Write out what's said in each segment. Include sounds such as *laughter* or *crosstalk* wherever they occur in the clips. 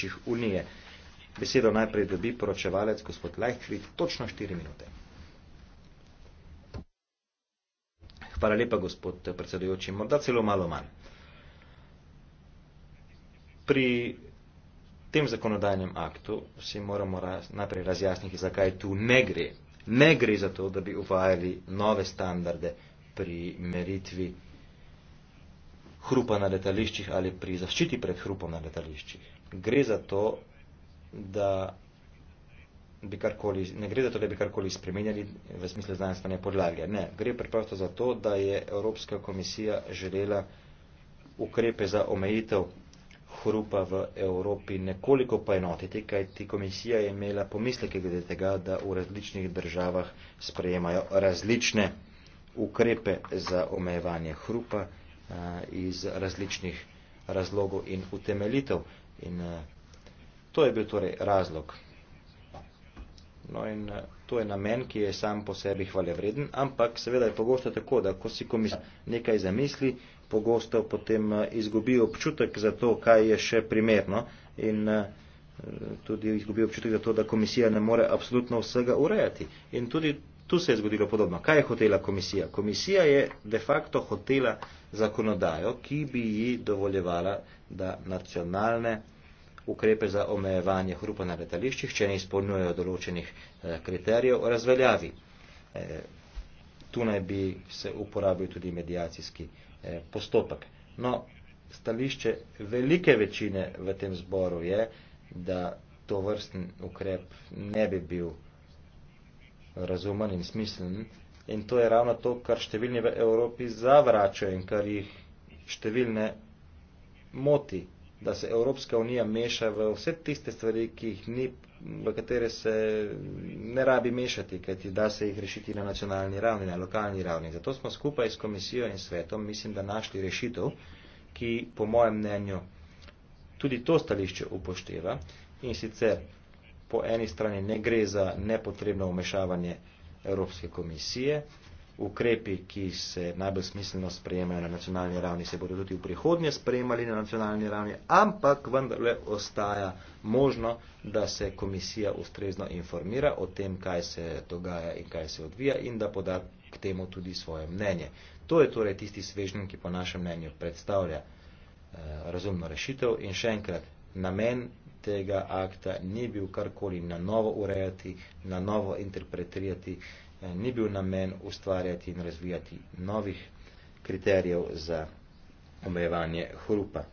središčih Unije. Besedo najprej dobi poročevalec gospod Lajkvit, točno 4 minute. Hvala lepa, gospod predsedujoči, morda celo malo manj. Pri tem zakonodajnem aktu si moramo raz, najprej razjasniti, zakaj tu ne gre. Ne gre za to, da bi uvajali nove standarde pri meritvi hrupa na letališčih ali pri zaščiti pred hrupom na letališčih gre za to, da bi karkoli, ne gre za to, da bi karkoli spremenjali v smislu znanstvene podlage. Ne, gre preprosto za to, da je Evropska komisija želela ukrepe za omejitev hrupa v Evropi nekoliko poenotiti, kajti komisija je imela pomisleke glede tega, da v različnih državah sprejemajo različne ukrepe za omejevanje hrupa a, eh, iz različnih razlogov in utemelitev. In uh, to je bil torej razlog. No in uh, to je namen, ki je sam po sebi hvalevreden, ampak seveda je pogosto tako, da ko si komisar nekaj zamisli, pogosto potem uh, izgubi občutek za to, kaj je še primerno in uh, tudi izgubi občutek za to, da komisija ne more absolutno vsega urejati. In tudi Tu se je zgodilo podobno. Kaj je hotela komisija? Komisija je de facto hotela zakonodajo, ki bi ji dovoljevala, da nacionalne ukrepe za omejevanje hrupa na letališčih, če ne izpolnjujejo določenih eh, kriterijev, razveljavi. Eh, tu naj bi se uporabil tudi medijacijski eh, postopek. No, stališče velike večine v tem zboru je, da to vrstni ukrep ne bi bil razumen in smislen. In to je ravno to, kar številni v Evropi zavračajo in kar jih številne moti, da se Evropska unija meša v vse tiste stvari, ki jih ni, v katere se ne rabi mešati, kajti da se jih rešiti na nacionalni ravni, na lokalni ravni. Zato smo skupaj s komisijo in svetom, mislim, da našli rešitev, ki po mojem mnenju tudi to stališče upošteva in sicer po eni strani ne gre za nepotrebno umešavanje Evropske komisije, ukrepi, ki se najbolj smiselno sprejemajo na nacionalni ravni, se bodo tudi v prihodnje sprejemali na nacionalni ravni, ampak vendarle ostaja možno, da se komisija ustrezno informira o tem, kaj se dogaja in kaj se odvija in da poda k temu tudi svoje mnenje. To je torej tisti svežnik, ki po našem mnenju predstavlja eh, razumno rešitev in še enkrat, namen tega akta ni bil karkoli na novo urejati, na novo interpretirati, eh, ni bil namen ustvarjati in razvijati novih kriterijev za omejevanje hrupa.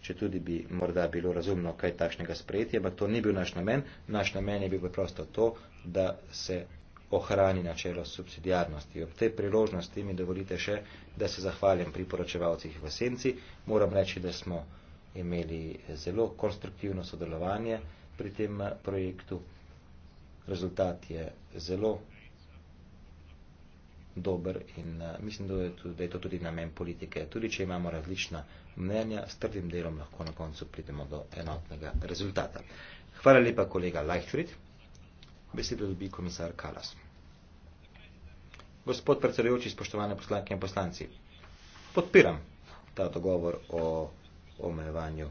Če tudi bi morda bilo razumno kaj takšnega sprejeti, ampak to ni bil naš namen. Naš namen je bil preprosto to, da se ohrani načelo subsidijarnosti. Ob tej priložnosti mi dovolite še, da se zahvaljam pri poročevalcih v Senci. Moram reči, da smo imeli zelo konstruktivno sodelovanje pri tem eh, projektu. Rezultat je zelo dober in eh, mislim, da je to tudi namen politike. Tudi, če imamo različna mnenja, s trdim delom lahko na koncu pridemo do enotnega rezultata. Hvala lepa, kolega Leichtfried. Besedo dobi komisar Kalas. Gospod predsedujoči, spoštovane poslanke in poslanci, podpiram ta dogovor o omejevanju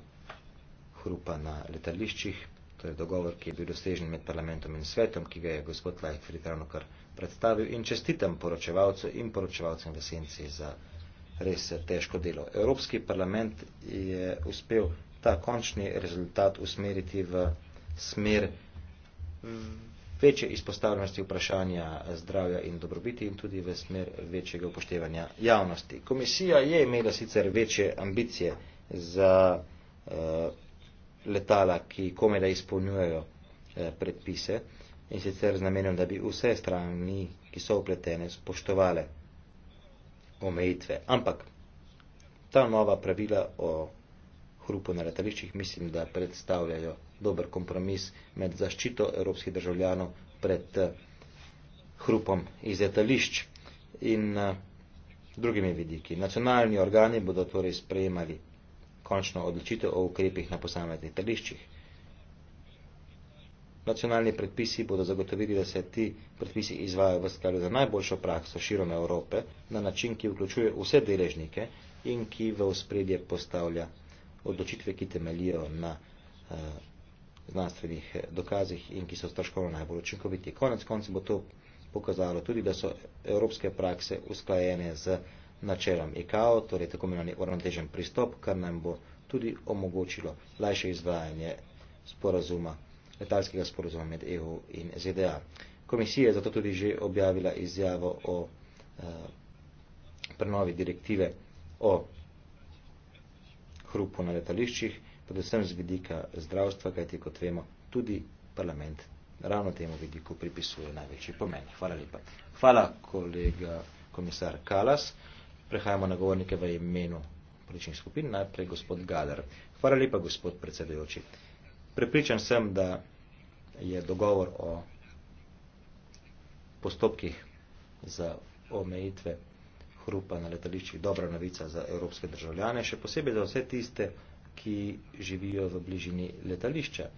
hrupa na letališčih. To je dogovor, ki je bil dosežen med parlamentom in svetom, ki ga je gospod Lajfrid ravno kar predstavil in čestitam poročevalcu in poročevalcem v senci za res težko delo. Evropski parlament je uspel ta končni rezultat usmeriti v smer večje izpostavljenosti vprašanja zdravja in dobrobiti in tudi v smer večjega upoštevanja javnosti. Komisija je imela sicer večje ambicije za eh, letala, ki komaj da izpolnjujejo eh, predpise in sicer z namenom, da bi vse strani, ki so upletene, spoštovale omejitve. Ampak ta nova pravila o hrupu na letališčih mislim, da predstavljajo dober kompromis med zaščito evropskih državljanov pred eh, hrupom iz letališč in drugimi vidiki. Nacionalni organi bodo torej sprejemali končno odločitev o ukrepih na posameznih teliščih. Nacionalni predpisi bodo zagotovili, da se ti predpisi izvajajo v skladu za najboljšo prakso širome Evrope na način, ki vključuje vse deležnike in ki v uspredje postavlja odločitve, ki temelijo na eh, znanstvenih eh, dokazih in ki so stroškovno najbolj učinkoviti. Konec konca bo to pokazalo tudi, da so evropske prakse usklajene z eh, načelom ICAO, torej tako imenovani uravnotežen pristop, kar nam bo tudi omogočilo lajše izvajanje sporazuma, letalskega sporazuma med EU in ZDA. Komisija je zato tudi že objavila izjavo o eh, prenovi direktive o hrupu na letališčih, predvsem z vidika zdravstva, kajti kot vemo, tudi parlament ravno temu vidiku pripisuje največji pomen. Hvala lepa. Hvala kolega komisar Kalas. Prehajamo na govornike v imenu političnih skupin, najprej gospod Gader. Hvala lepa, gospod predsedujoči. Prepričan sem, da je dogovor o postopkih za omejitve hrupa na letališčih dobra novica za evropske državljane, še posebej za vse tiste, ki živijo v bližini letališča.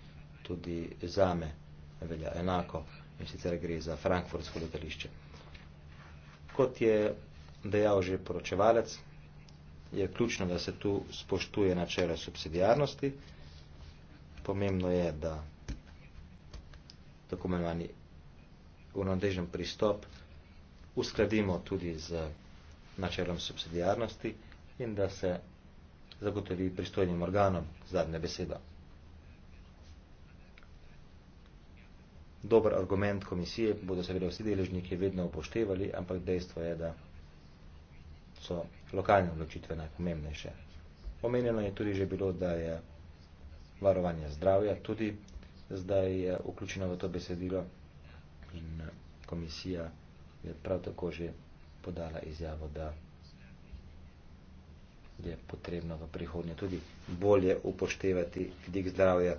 Tudi zame velja enako in sicer gre za frankfurtsko letališče. Kot je dejal že poročevalec, je ključno, da se tu spoštuje načelo subsidijarnosti. Pomembno je, da tako imenovani unadežen pristop uskladimo tudi z načelom subsidijarnosti in da se zagotovi pristojnim organom zadnja beseda. Dober argument komisije bodo seveda vsi deležniki vedno upoštevali, ampak dejstvo je, da so lokalne odločitve najpomembnejše. Omenjeno je tudi že bilo, da je varovanje zdravja tudi zdaj je eh, vključeno v to besedilo in eh, komisija je prav tako že podala izjavo, da je potrebno v prihodnje tudi bolje upoštevati vidik zdravja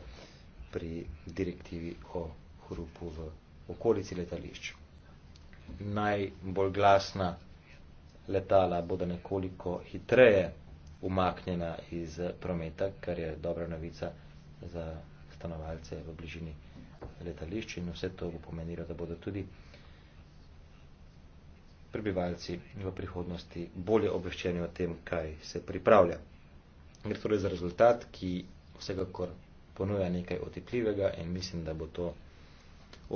pri direktivi o hrupu v okolici letališč. Najbolj glasna letala bodo nekoliko hitreje umaknjena iz prometa, kar je dobra novica za stanovalce v bližini letališča in vse to bo pomenilo, da bodo tudi prebivalci v prihodnosti bolje obveščeni o tem, kaj se pripravlja. Gre torej za rezultat, ki vsekakor ponuja nekaj otepljivega in mislim, da bo to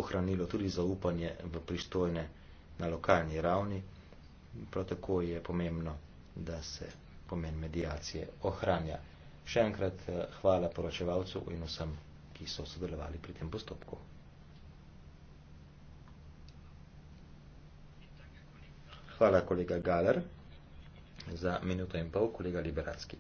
ohranilo tudi zaupanje v pristojne na lokalni ravni prav tako je pomembno, da se pomen medijacije ohranja. Še enkrat eh, hvala poročevalcu in vsem, ki so sodelovali pri tem postopku. Hvala kolega Galer za minuto in pol, kolega Liberacki.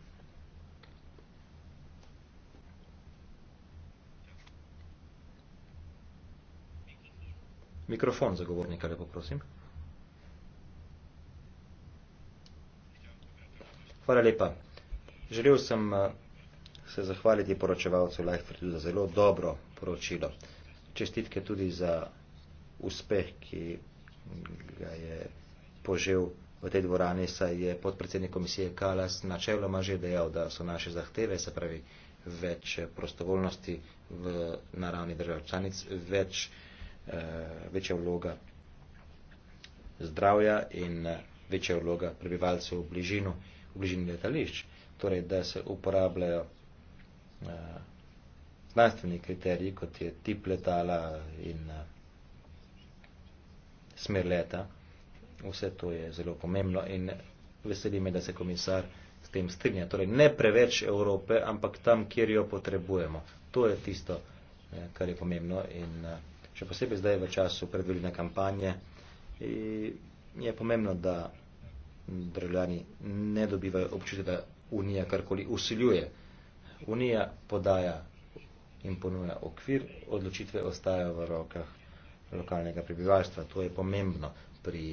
Mikrofon zagovornika, lepo prosim. Hvala lepa. Želel sem eh, se zahvaliti poročevalcu Lajfrtu za zelo dobro poročilo. Čestitke tudi za uspeh, ki ga je požel v tej dvorani, saj je podpredsednik komisije Kalas načeloma že dejal, da so naše zahteve, se pravi več eh, prostovoljnosti v naravni držav članic, več, eh, večja vloga zdravja in večja vloga prebivalcev v bližino v bližini letališč, torej da se uporabljajo uh, znanstveni kriteriji, kot je tip letala in uh, smer leta. Vse to je zelo pomembno in veseli me, da se komisar s tem strinja. Torej ne preveč Evrope, ampak tam, kjer jo potrebujemo. To je tisto, uh, kar je pomembno in uh, še posebej zdaj v času predvoljene kampanje je pomembno, da državljani ne dobivajo občutek, da Unija karkoli usiljuje. Unija podaja in ponuja okvir, odločitve ostajajo v rokah lokalnega prebivalstva. To je pomembno pri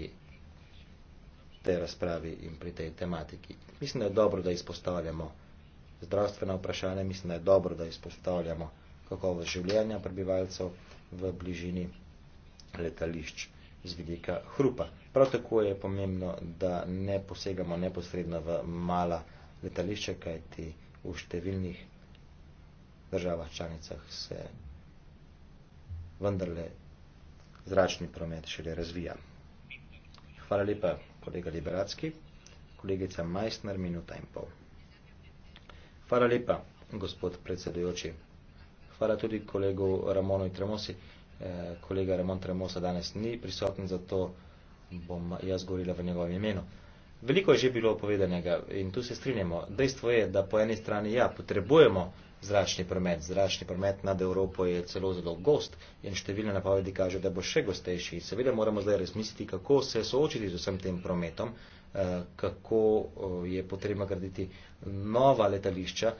tej razpravi in pri tej tematiki. Mislim, da je dobro, da izpostavljamo zdravstvena vprašanja, mislim, da je dobro, da izpostavljamo kakovost življenja prebivalcev v bližini letališča z vidika hrupa. Prav tako je pomembno, da ne posegamo neposredno v mala letališča, kajti v številnih državah članicah se vendarle zračni promet šele razvija. Hvala lepa, kolega Liberacki, kolegica Majstner, minuta in pol. Hvala lepa, gospod predsedujoči. Hvala tudi kolegu Ramonu Tremosi. Eh, kolega Remon Tremosa danes ni prisoten, zato bom jaz govorila v njegovem imenu. Veliko je že bilo povedanega in tu se strinjamo. Dejstvo je, da po eni strani ja, potrebujemo zračni promet. Zračni promet nad Evropo je celo zelo gost in številne napovedi kaže, da bo še gostejši. Seveda moramo zdaj razmisliti, kako se soočiti z vsem tem prometom, eh, kako eh, je potrebno graditi nova letališča,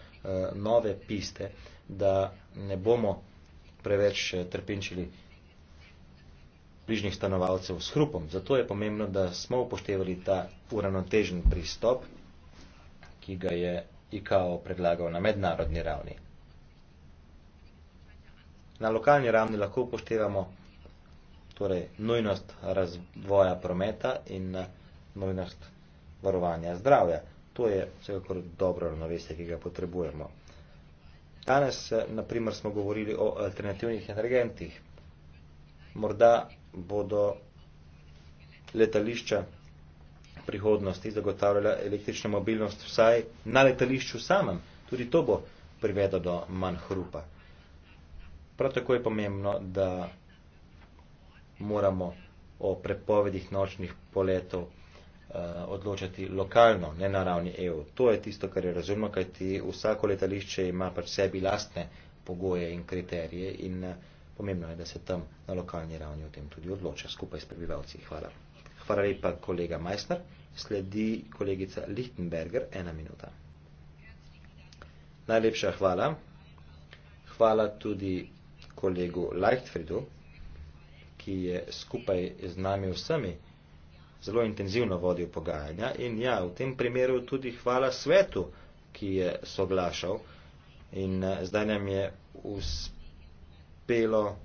nove piste, da ne bomo preveč eh, trpinčili bližnjih stanovalcev s hrupom. Zato je pomembno, da smo upoštevali ta uravnotežen pristop, ki ga je IKO predlagal na mednarodni ravni. Na lokalni ravni lahko upoštevamo torej, nujnost razvoja prometa in eh, nujnost varovanja zdravja. To je vsekakor dobro ravnovesje, ki ga potrebujemo. Danes, eh, naprimer, smo govorili o alternativnih energentih. Morda bodo letališča prihodnosti zagotavljala električno mobilnost vsaj na letališču samem. Tudi to bo privedo do manj hrupa. Prav tako je pomembno, da moramo o prepovedih nočnih poletov Eh, odločati lokalno, ne na ravni EU. To je tisto, kar je razumno, kajti vsako letališče ima pač sebi lastne pogoje in kriterije in eh, pomembno je, da se tam na lokalni ravni o tem tudi odloča skupaj s prebivalci. Hvala. Hvala lepa, kolega Meissner. Sledi kolegica Lichtenberger, ena minuta. Najlepša hvala. Hvala tudi kolegu Leichtfriedu, ki je skupaj z nami vsemi zelo intenzivno vodil pogajanja in ja, v tem primeru tudi hvala svetu, ki je soglašal in eh, zdaj nam je uspelo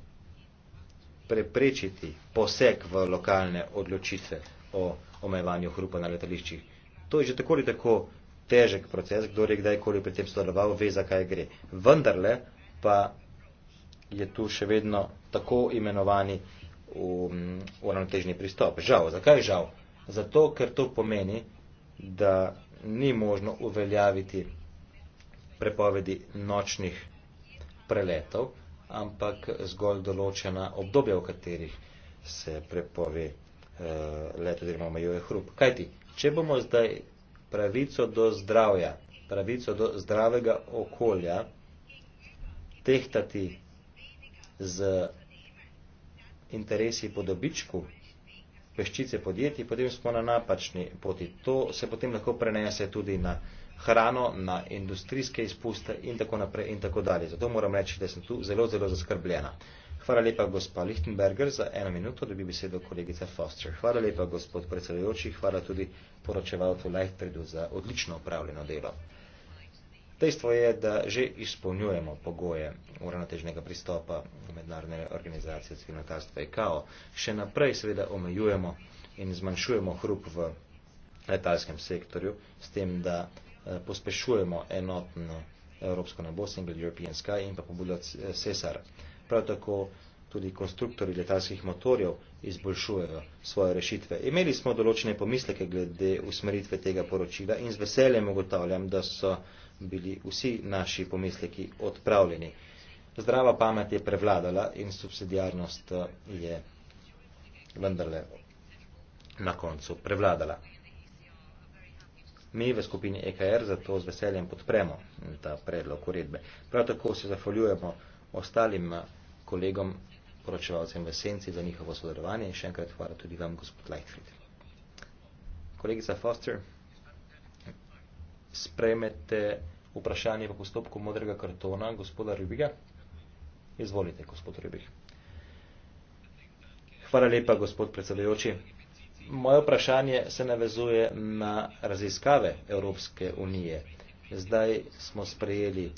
preprečiti poseg v lokalne odločitve o omejevanju hrupa na letališčih. To je že tako ali tako težek proces, kdo je kdajkoli pri tem sodeloval, ve, zakaj gre. Vendarle pa je tu še vedno tako imenovani v, v ravnotežni pristop. Žal, zakaj žal? Zato, ker to pomeni, da ni možno uveljaviti prepovedi nočnih preletov, ampak zgolj določena obdobja, v katerih se prepove eh, let oziroma omejuje hrup. Kajti, če bomo zdaj pravico do zdravja, pravico do zdravega okolja tehtati z interesi po dobičku peščice podjetij, potem smo na napačni poti. To se potem lahko prenese tudi na hrano, na industrijske izpuste in tako naprej in tako dalje. Zato moram reči, da sem tu zelo, zelo zaskrbljena. Hvala lepa, gospa Lichtenberger, za eno minuto, da bi besedo kolegica Foster. Hvala lepa, gospod predsedujoči, hvala tudi poročevalcu Lechtredu za odlično upravljeno delo. Dejstvo je, da že izpolnjujemo pogoje uravnotežnega pristopa mednarodne organizacije civilnotarstva ICAO. Še naprej seveda omejujemo in zmanjšujemo hrup v letalskem sektorju s tem, da eh, pospešujemo enotno Evropsko nebo, Single European Sky in pa pobudo CESAR. Prav tako tudi konstruktori letalskih motorjev izboljšujejo svoje rešitve. Imeli smo določene pomisleke glede usmeritve tega poročila in z veseljem ugotavljam, da so bili vsi naši pomisleki odpravljeni. Zdrava pamet je prevladala in subsidijarnost eh, je vendarle na koncu prevladala. Mi v skupini EKR zato z veseljem podpremo mm, ta predlog uredbe. Prav tako se zahvaljujemo ostalim eh, kolegom, poročevalcem v senci za njihovo sodelovanje in še enkrat hvala tudi vam, gospod Lightfield. Kolegica Foster spremete vprašanje v postopku modrega kartona gospoda Ribiga. Izvolite, gospod Ribig. Hvala lepa, gospod predsedujoči. Moje vprašanje se navezuje na raziskave Evropske unije. Zdaj smo sprejeli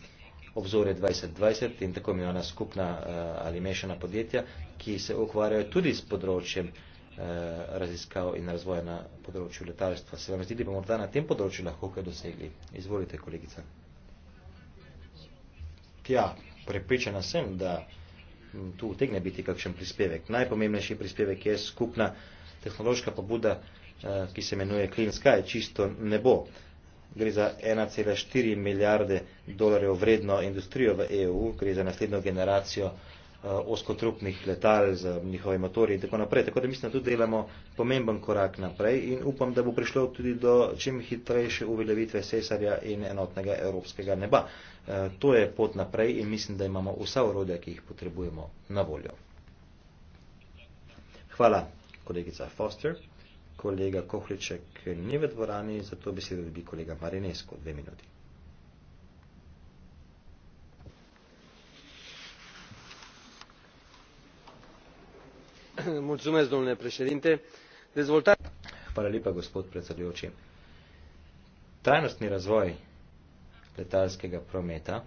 obzore 2020 in tako imenovana skupna uh, ali mešana podjetja, ki se ukvarjajo tudi s področjem uh, Eh, raziskav in razvoja na področju letalstva. Se vam zdi, da bi morda na tem področju lahko kaj dosegli? Izvolite, kolegica. Ja, prepričana sem, da mm, tu utegne biti kakšen prispevek. Najpomembnejši prispevek je skupna tehnološka pobuda, eh, ki se imenuje Clean Sky, čisto nebo. Gre za 1,4 milijarde dolarjev vredno industrijo v EU, gre za naslednjo generacijo uh, uh, eh, oskotrupnih letal z njihovimi motorji in tako naprej. Tako da mislim, da tu delamo pomemben korak naprej in upam, da bo prišlo tudi do čim hitrejše uveljavitve cesarja in enotnega evropskega neba. Uh, to je pot naprej in mislim, da imamo vsa urodja, ki jih potrebujemo na voljo. Hvala, kolegica Foster. Kolega Kohliček ni v dvorani, zato besedo dobi kolega Marinesko. Dve minuti. *coughs* domnule președinte dezvoltarea. trajnostni razvoj letalskega prometa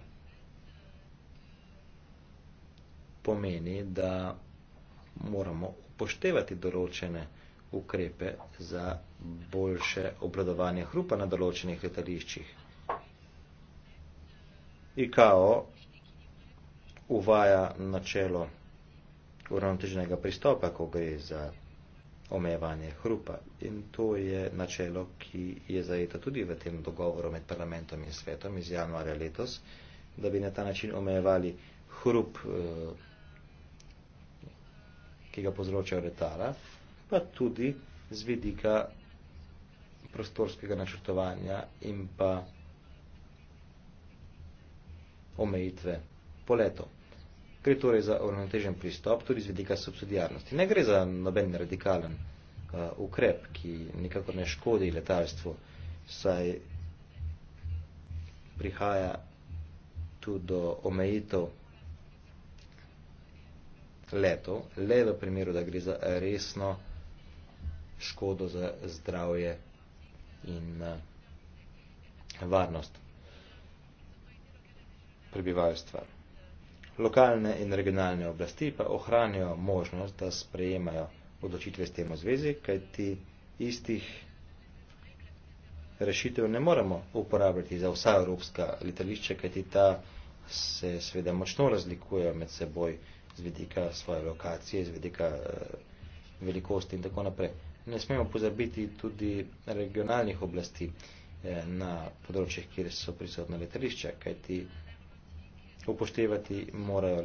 pomeni da moramo upoštevati določene ukrepe za boljše obladovanje hrupa na določenih letališčih. ICAO uvaja načelo uravnoteženega pristopa, ko gre za omejevanje hrupa. In to je načelo, ki je zajeta tudi v tem dogovoru med parlamentom in svetom iz januarja letos, da bi na ta način omejevali hrup, eh, ki ga povzročajo letala, pa tudi z vidika prostorskega načrtovanja in pa omejitve poletov. Gre torej za uravnotežen pristop tudi z vidika subsidijarnosti. Ne gre za noben radikalen uh, ukrep, ki nekako ne škodi letalstvu, saj prihaja tudi do omejitev letov, le v primeru, da gre za resno škodo za zdravje in uh, varnost prebivalstva. Lokalne in regionalne oblasti pa ohranijo možnost, da sprejemajo odločitve s tem v zvezi, kajti istih rešitev ne moremo uporabljati za vsa evropska letališča, kajti ta se sveda močno razlikujejo med seboj z vidika svoje lokacije, z vidika eh, velikosti in tako naprej. Ne smemo pozabiti tudi regionalnih oblasti eh, na področjih, kjer so prisotna letališča, kajti upoštevati morajo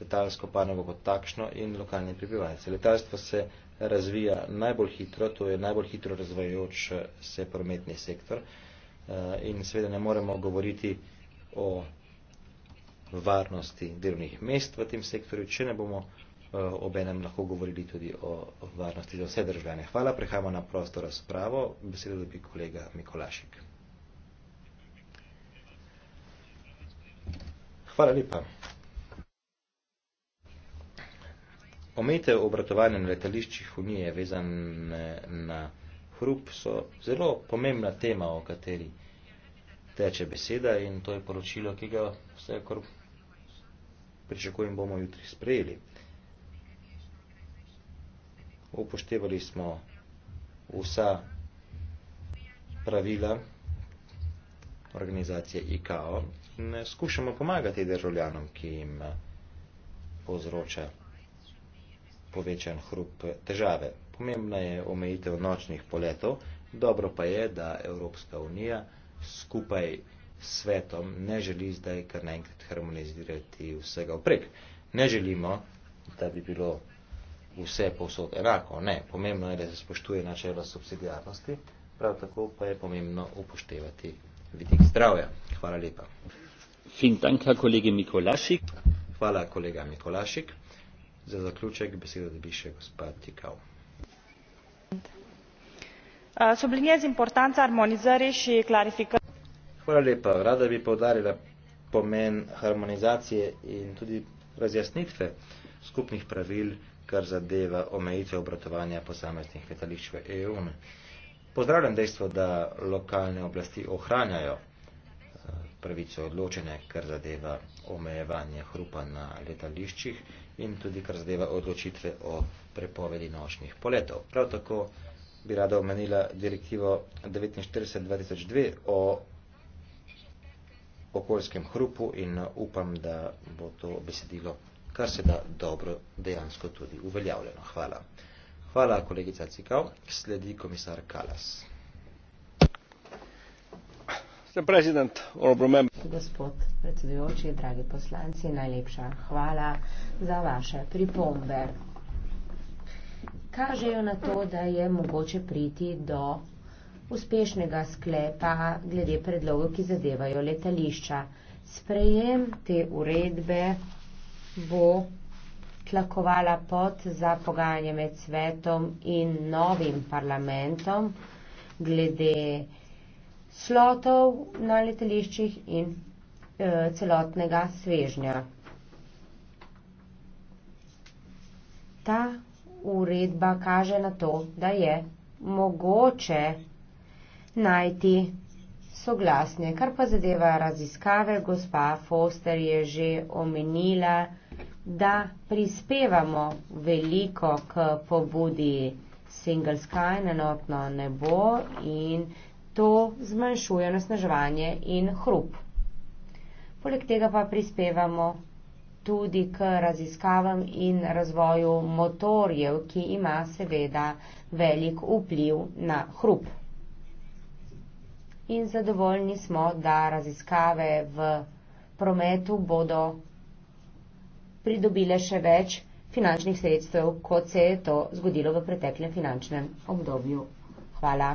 letalsko panogo kot takšno in lokalni prebivalci. Letalstvo se razvija najbolj hitro, to je najbolj hitro razvajajoč eh, se prometni sektor eh, in seveda ne moremo govoriti o varnosti delovnih mest v tem sektorju, če ne bomo eh, obenem lahko govorili tudi o varnosti za vse državljane. Hvala, prehajamo na prosto razpravo. Besedo dobi kolega Mikolašik. Hvala lepa. Omete obratovanja na letališčih Unije vezane na hrup so zelo pomembna tema, o kateri teče beseda in to je poročilo, ki ga vse kar pričakujem bomo jutri sprejeli. Upoštevali smo vsa pravila organizacije IKO, skušamo pomagati državljanom, ki jim povzroča povečan hrup težave. Pomembna je omejitev nočnih poletov, dobro pa je, da Evropska unija skupaj s svetom ne želi zdaj kar naenkrat harmonizirati vsega vprek. Ne želimo, da bi bilo vse povsod enako. Ne, pomembno je, da se spoštuje načelo subsidiarnosti, prav tako pa je pomembno upoštevati vidik zdravja. Hvala lepa. Hvala, kolega Mikolašik. Za zaključek beseda dobi še gospa Tikal. Subliniez importanța armonizării și clarificării. Hvala lepa. Rada bi povdarila pomen harmonizacije in tudi razjasnitve skupnih pravil, kar zadeva omejitve obratovanja posameznih letališč v EU. Pozdravljam dejstvo, da lokalne oblasti ohranjajo pravico odločene, kar zadeva omejevanje hrupa na letališčih in tudi kar zadeva odločitve o prepovedi nočnih poletov. Prav tako bi rada omenila direktivo 49.2002 o okoljskem hrupu in upam, da bo to besedilo kar se da dobro dejansko tudi uveljavljeno. Hvala. Hvala, kolegica Cikav. Sledi komisar Kalas. Gospod predsedujoči, dragi poslanci, najlepša hvala za vaše pripombe. Kažejo na to, da je mogoče priti do uspešnega sklepa glede predlogov, ki zadevajo letališča. Sprejem te uredbe bo tlakovala pot za pogajanje med svetom in novim parlamentom glede slotov na leteliščih in e, celotnega svežnja. Ta uredba kaže na to, da je mogoče najti soglasne, kar pa zadeva raziskave, gospa Foster je že omenila, da prispevamo veliko k pobudi Single Sky na notno nebo in To zmanjšuje nasnaževanje in hrup. Poleg tega pa prispevamo tudi k raziskavam in razvoju motorjev, ki ima seveda velik vpliv na hrup. In zadovoljni smo, da raziskave v prometu bodo pridobile še več finančnih sredstev, kot se je to zgodilo v preteklem finančnem obdobju. Hvala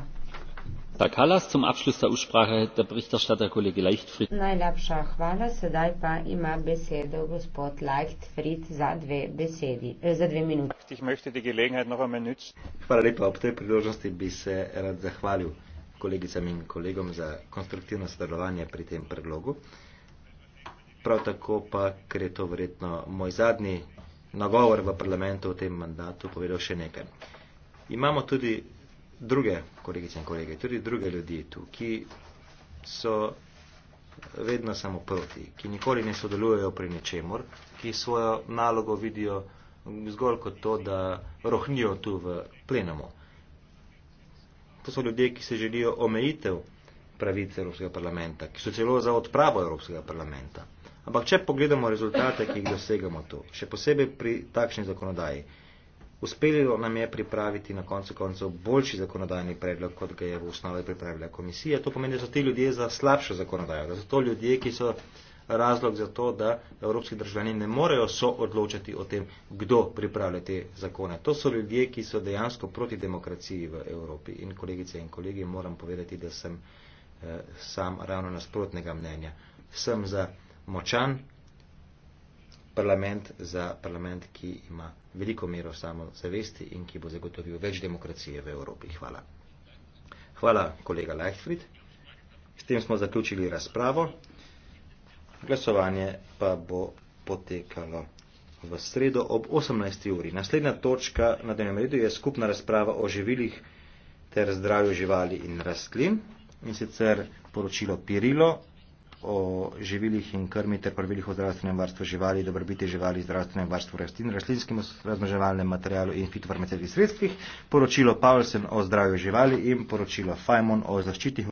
najlepša hvala sedaj pa ima besedo gospod leichtfried za dve besedi eh, za dve hvala lepa ob tej priložnosti bi se rad zahvalil kolegicam in kolegom za konstruktivno sodelovanje pri tem predlogu prav tako pa ker je to verjetno moj zadnji nagovor v parlamentu v tem mandatu povedal še nekaj imamo tudi druge kolegice in kolege, tudi druge ljudi tu, ki so vedno samo proti, ki nikoli ne sodelujejo pri nečemor, ki svojo nalogo vidijo zgolj kot to, da rohnijo tu v plenamo. To so ljudje, ki se želijo omejitev pravice Evropskega parlamenta, ki so celo za odpravo Evropskega parlamenta. Ampak če pogledamo rezultate, ki jih dosegamo tu, še posebej pri takšni zakonodaji, Uspelo nam je pripraviti na koncu koncev boljši zakonodajni predlog, kot ga je v osnovi pripravila komisija. To pomeni, da so ti ljudje za slabšo zakonodajo, da so to ljudje, ki so razlog za to, da evropski državljani ne morejo so odločati o tem, kdo pripravlja te zakone. To so ljudje, ki so dejansko proti demokraciji v Evropi. In kolegice in kolegi, moram povedati, da sem eh, sam ravno nasprotnega mnenja. Sem za močan parlament za parlament, ki ima veliko mero samozavesti in ki bo zagotovil več demokracije v Evropi. Hvala. Hvala, kolega Leichtfried. S tem smo zaključili razpravo. Glasovanje pa bo potekalo v sredo ob 18. uri. Naslednja točka na dnevnem redu je skupna razprava o živilih ter zdravju živali in rastlin. In sicer poročilo Pirilo o živilih in krmi ter pravilih o zdravstvenem varstvu živali, dobrobiti živali, zdravstvenem varstvu rastlin, rastlinskim razmeževalnem materialu in fitofarmacijskih sredstvih, poročilo Paulsen o zdravju živali in poročilo Fajmon o zaščitih